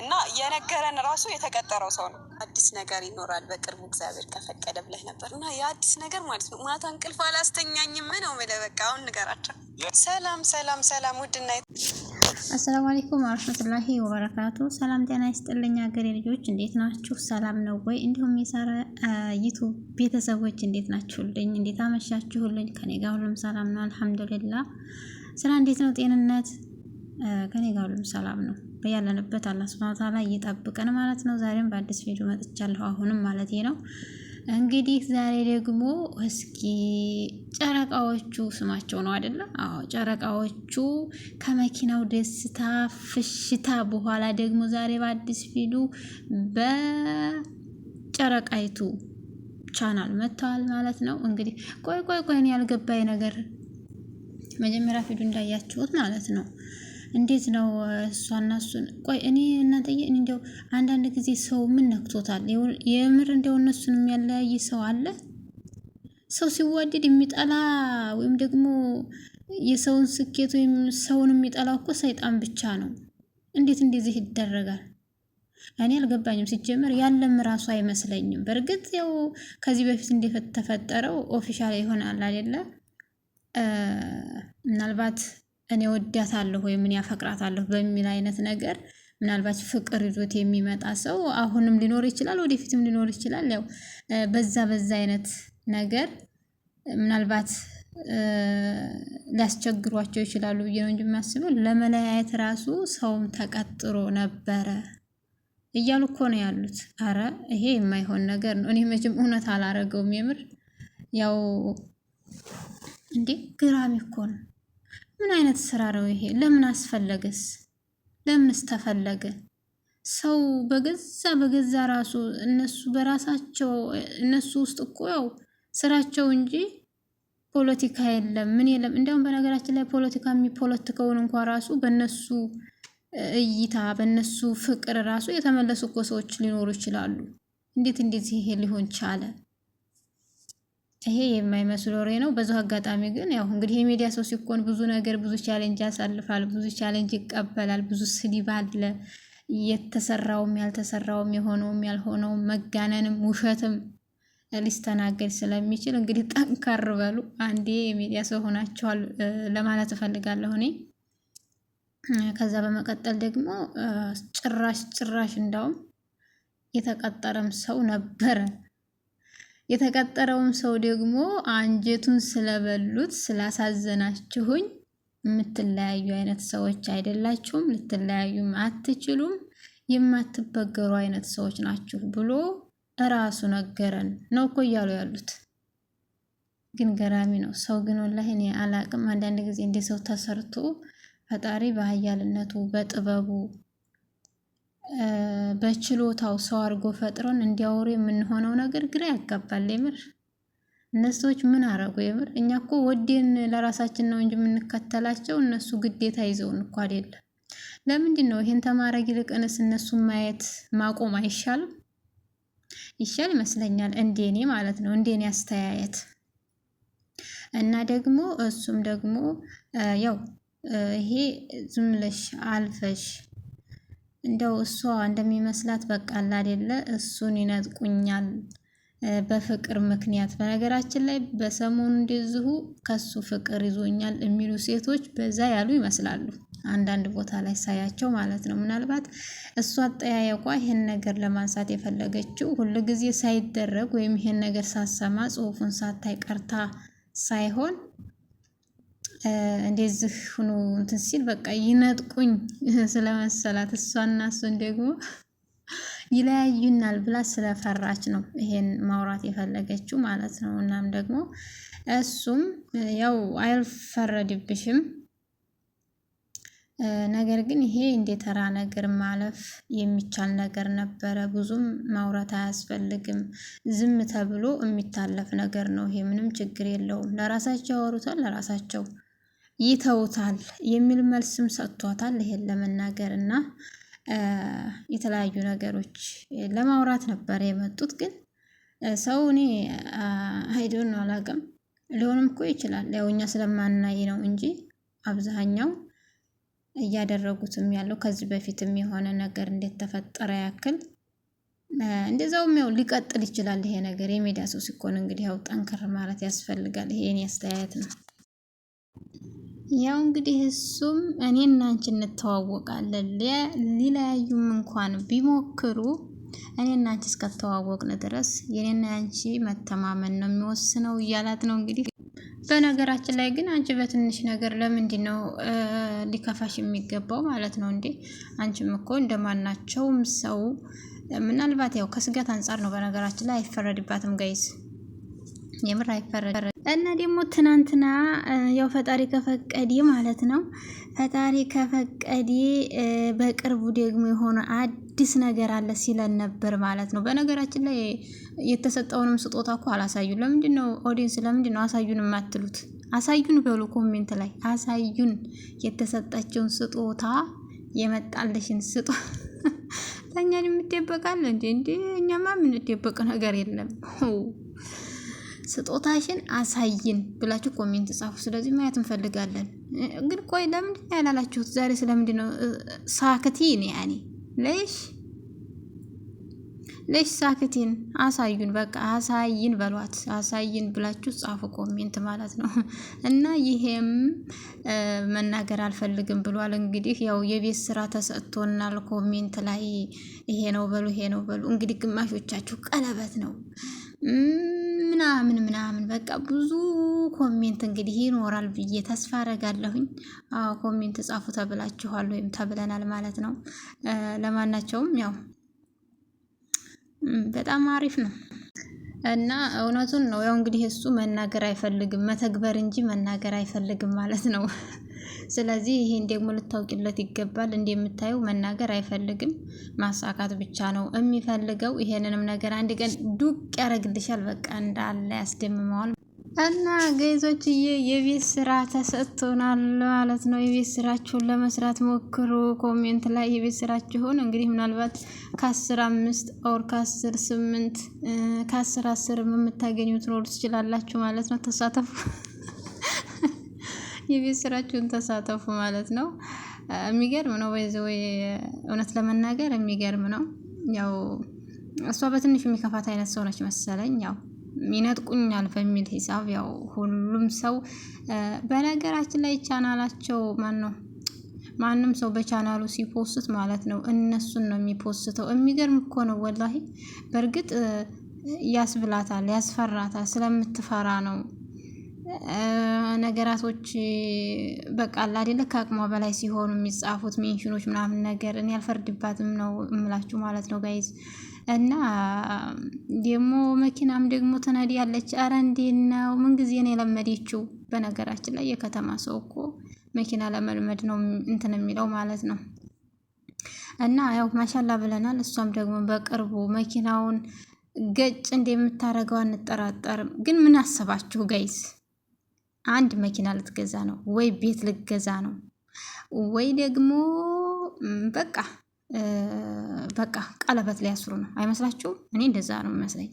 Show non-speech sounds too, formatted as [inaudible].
እና የነገረን ራሱ የተቀጠረው ሰው ነው። አዲስ ነገር ይኖራል በቅርቡ እግዚአብሔር ከፈቀደ ብለህ ነበር እና የአዲስ ነገር ማለት ነው። ማታ እንቅልፍ አላስተኛኝም ነው የምልህ። በቃ አሁን ንገራቸው። ሰላም ሰላም ሰላም። ውድና አሰላሙ አለይኩም ወረህመቱላሂ ወበረካቱ። ሰላም ጤና ይስጥልኝ ሀገሬ ልጆች፣ እንዴት ናችሁ? ሰላም ነው ወይ? እንዲሁም የሳራ ዩቱብ ቤተሰቦች እንዴት ናችሁልኝ? እንዴት አመሻችሁልኝ? ከኔ ጋር ሁሉም ሰላም ነው አልሐምዱሊላ። ስራ እንዴት ነው? ጤንነት ከኔ ጋር ሁሉም ሰላም ነው። በያለንበት አላህ ሱብሃነሁ ወተዓላ እየጠብቀን ማለት ነው። ዛሬም በአዲስ ቪዲዮ መጥቻለሁ። አሁንም ማለት ነው እንግዲህ ዛሬ ደግሞ እስኪ ጨረቃዎቹ ስማቸው ነው አይደለ? አዎ ጨረቃዎቹ ከመኪናው ደስታ ፍሽታ በኋላ ደግሞ ዛሬ በአዲስ ቪዲዮ በጨረቃይቱ ቻናል መጥተዋል ማለት ነው። እንግዲህ ቆይ ቆይ ቆይ ያልገባኝ ነገር መጀመሪያ ፊዱ እንዳያችሁት ማለት ነው እንዴት ነው እሷ እና እሱን? ቆይ እኔ እናንተዬ እንዲያው አንዳንድ ጊዜ ሰው ምን ነክቶታል? የምር እንዲያው እነሱን የሚያለያይ ሰው አለ? ሰው ሲዋደድ የሚጠላ ወይም ደግሞ የሰውን ስኬት ወይም ሰውን የሚጠላው እኮ ሰይጣን ብቻ ነው። እንዴት እንደዚህ ይደረጋል? እኔ አልገባኝም። ሲጀመር ያለም ራሱ አይመስለኝም። በእርግጥ ያው ከዚህ በፊት እንደተፈጠረው ኦፊሻል ይሆናል አይደለ? ምናልባት እኔ ወዳታለሁ ወይም እኔ ያፈቅራታለሁ በሚል አይነት ነገር ምናልባት ፍቅር ይዞት የሚመጣ ሰው አሁንም ሊኖር ይችላል፣ ወደፊትም ሊኖር ይችላል። ያው በዛ በዛ አይነት ነገር ምናልባት ሊያስቸግሯቸው ይችላሉ ብዬ ነው እንጂ የሚያስበው ለመለያየት ራሱ ሰውም ተቀጥሮ ነበረ እያሉ እኮ ነው ያሉት። አረ ይሄ የማይሆን ነገር ነው። እኔ መቼም እውነት አላረገውም። የምር ያው እንዴ ግራሚ እኮ ነው። ምን አይነት ስራ ነው ይሄ? ለምን አስፈለገስ? ለምንስ ተፈለገ? ሰው በገዛ በገዛ ራሱ እነሱ በራሳቸው እነሱ ውስጥ እኮ ያው ስራቸው እንጂ ፖለቲካ የለም ምን የለም። እንዲያውም በነገራችን ላይ ፖለቲካ የሚፖለቲከውን እንኳ ራሱ በነሱ እይታ በነሱ ፍቅር ራሱ የተመለሱ እኮ ሰዎች ሊኖሩ ይችላሉ። እንዴት እንደዚህ ይሄ ሊሆን ቻለ? ይሄ የማይመስል ወሬ ነው። በዙ አጋጣሚ ግን ያው እንግዲህ የሚዲያ ሰው ሲኮን ብዙ ነገር ብዙ ቻሌንጅ ያሳልፋል፣ ብዙ ቻሌንጅ ይቀበላል፣ ብዙ ስድብ አለ። የተሰራውም ያልተሰራውም የሆነውም ያልሆነውም መጋነንም ውሸትም ሊስተናገድ ስለሚችል እንግዲህ ጠንካር በሉ። አንዴ የሚዲያ ሰው ሆናችኋል ለማለት እፈልጋለሁ እኔ። ከዛ በመቀጠል ደግሞ ጭራሽ ጭራሽ እንዳውም የተቀጠረም ሰው ነበረ የተቀጠረውም ሰው ደግሞ አንጀቱን ስለበሉት ስላሳዘናችሁኝ የምትለያዩ አይነት ሰዎች አይደላችሁም፣ ልትለያዩም አትችሉም፣ የማትበገሩ አይነት ሰዎች ናችሁ ብሎ እራሱ ነገረን ነው እኮ እያሉ ያሉት። ግን ገራሚ ነው ሰው ግን ወላሂ እኔ አላቅም። አንዳንድ ጊዜ እንደ ሰው ተሰርቶ ፈጣሪ በሀያልነቱ በጥበቡ በችሎታው ሰው አድርጎ ፈጥሮን እንዲያወሩ የምንሆነው ነገር ግራ ያጋባል። የምር እነሱ ሰዎች ምን አረጉ? የምር እኛ እኮ ወዴን ለራሳችን ነው እንጂ የምንከተላቸው እነሱ ግዴታ ይዘውን እኮ አይደለም። ለምንድን ነው ይሄን ተማረግ ይልቅንስ እነሱን ማየት ማቆም አይሻልም? ይሻል ይመስለኛል፣ እንዴኔ ማለት ነው፣ እንዴኔ አስተያየት እና ደግሞ እሱም ደግሞ ያው ይሄ ዝምለሽ አልፈሽ እንደው እሷ እንደሚመስላት በቃላ አይደለ እሱን ይነጥቁኛል በፍቅር ምክንያት። በነገራችን ላይ በሰሞኑ እንደዚሁ ከሱ ፍቅር ይዞኛል የሚሉ ሴቶች በዛ ያሉ ይመስላሉ። አንዳንድ ቦታ ላይ ሳያቸው ማለት ነው። ምናልባት እሷ አጠያየቋ ይሄን ነገር ለማንሳት የፈለገችው ጊዜ ሳይደረግ ወይም ይሄን ነገር ሳሰማ ጽሁፉን ሳታይ ቀርታ ሳይሆን እንደዚህ ሁኑ እንትን ሲል በቃ ይነጥቁኝ [laughs] ስለመሰላት እሷና እሱን ደግሞ ይለያዩናል ብላ ስለፈራች ነው ይሄን ማውራት የፈለገችው ማለት ነው። እናም ደግሞ እሱም ያው አይፈረድብሽም፣ ነገር ግን ይሄ እንደ ተራ ነገር ማለፍ የሚቻል ነገር ነበረ። ብዙም ማውራት አያስፈልግም። ዝም ተብሎ የሚታለፍ ነገር ነው። ይሄ ምንም ችግር የለውም። ለራሳቸው ያወሩታል፣ ለራሳቸው ይተውታል የሚል መልስም ሰጥቷታል። ይሄን ለመናገር እና የተለያዩ ነገሮች ለማውራት ነበር የመጡት። ግን ሰው እኔ አይዶን ነው አላውቅም። ሊሆንም እኮ ይችላል ያው እኛ ስለማናይ ነው እንጂ አብዛኛው እያደረጉትም ያለው ከዚህ በፊትም የሆነ ነገር ተፈጠረ ያክል እንደዛውም ያው ሊቀጥል ይችላል። ይሄ ነገር የሚዲያ ሰው ሲኮን እንግዲህ ያው ጠንከር ማለት ያስፈልጋል። ይሄን አስተያየት ነው። ያው እንግዲህ እሱም እኔ እና አንቺ እንተዋወቃለን ሊለያዩም እንኳን ቢሞክሩ እኔ እና አንቺ እስከተዋወቅን ድረስ የኔና አንቺ መተማመን ነው የሚወስነው እያላት ነው እንግዲህ። በነገራችን ላይ ግን አንቺ በትንሽ ነገር ለምንድን ነው ሊከፋሽ የሚገባው ማለት ነው እንዴ? አንቺም እኮ እንደማናቸውም ሰው ምናልባት ያው ከስጋት አንጻር ነው በነገራችን ላይ አይፈረድባትም ገይዝ የምር አይፈረድ እና ደግሞ ትናንትና ያው ፈጣሪ ከፈቀዲ ማለት ነው። ፈጣሪ ከፈቀዲ በቅርቡ ደግሞ የሆነ አዲስ ነገር አለ ሲለን ነበር ማለት ነው። በነገራችን ላይ የተሰጠውንም ስጦታ እኮ አላሳዩ። ለምንድን ነው ኦዲየንስ፣ ለምንድን ነው አሳዩን የማትሉት? አሳዩን በሉ ኮሜንት ላይ አሳዩን የተሰጠችውን ስጦታ የመጣለሽን ስጦ ታኛን [laughs] የምትደበቃለ እንዴ? እንዴ እኛማ የምንደበቅ ነገር የለም። ስጦታሽን አሳይን ብላችሁ ኮሜንት ጻፉ። ስለዚህ ማየት እንፈልጋለን። ግን ቆይ ለምንድን ነው ያላላችሁት? ዛሬ ስለምንድን ነው ሳክቲን ያኔ ለሽ ለሽ ሳክቲን አሳዩን፣ በቃ አሳይን በሏት። አሳይን ብላችሁ ጻፉ ኮሜንት ማለት ነው። [laughs] እና ይሄም መናገር አልፈልግም ብሏል። እንግዲህ ያው የቤት ስራ ተሰጥቶናል። ኮሜንት ላይ ይሄ ነው በሉ፣ ይሄ ነው በሉ። እንግዲህ ግማሾቻችሁ ቀለበት ነው ምናምን ምናምን በቃ ብዙ ኮሜንት እንግዲህ ይኖራል ብዬ ተስፋ አረጋለሁኝ። ኮሜንት ጻፉ ተብላችኋል ወይም ተብለናል ማለት ነው። ለማናቸውም ያው በጣም አሪፍ ነው እና እውነቱን ነው ያው እንግዲህ እሱ መናገር አይፈልግም መተግበር እንጂ መናገር አይፈልግም ማለት ነው። ስለዚህ ይሄን ደግሞ ልታውቂለት ይገባል። እንደምታየው መናገር አይፈልግም ማሳካት ብቻ ነው የሚፈልገው። ይሄንንም ነገር አንድ ቀን ዱቅ ያደርግልሻል። በቃ እንዳለ ያስደምመዋል። እና ገይዞችዬ የቤት ስራ ተሰጥቶናል ማለት ነው። የቤት ስራችሁን ለመስራት ሞክሩ። ኮሜንት ላይ የቤት ስራችሁን እንግዲህ ምናልባት ከአስር አምስት ኦር ከአስር ስምንት ከአስር አስር የምታገኙት ኖር ትችላላችሁ ማለት ነው። ተሳተፉ። የቤት ስራችሁን ተሳተፉ ማለት ነው። የሚገርም ነው። ወይዘዌ እውነት ለመናገር የሚገርም ነው። ያው እሷ በትንሽ የሚከፋት አይነት ሰው ነች መሰለኝ ያው ይነጥቁኛል በሚል ሂሳብ ያው ሁሉም ሰው በነገራችን ላይ ቻናላቸው ማን ነው? ማንም ሰው በቻናሉ ሲፖስት ማለት ነው እነሱን ነው የሚፖስተው። የሚገርም እኮ ነው ወላሂ። በእርግጥ ያስብላታል፣ ያስፈራታል። ስለምትፈራ ነው ነገራቶች በቃላ አይደለ ከአቅሟ በላይ ሲሆኑ የሚጻፉት ሜንሽኖች ምናምን ነገር እኔ አልፈርድባትም ነው እምላችሁ ማለት ነው ጋይዝ። እና ደግሞ መኪናም ደግሞ ተናዲ ያለች አረ እንዴት ነው ምንጊዜ ነው የለመደችው? በነገራችን ላይ የከተማ ሰው እኮ መኪና ለመልመድ ነው እንትን የሚለው ማለት ነው። እና ያው ማሻላ ብለናል። እሷም ደግሞ በቅርቡ መኪናውን ገጭ እንደምታደርገው አንጠራጠርም። ግን ምን አሰባችሁ ጋይዝ? አንድ መኪና ልትገዛ ነው ወይ ቤት ልትገዛ ነው ወይ ደግሞ በቃ በቃ ቀለበት ሊያስሩ ነው አይመስላችሁም? እኔ እንደዛ ነው የሚመስለኝ።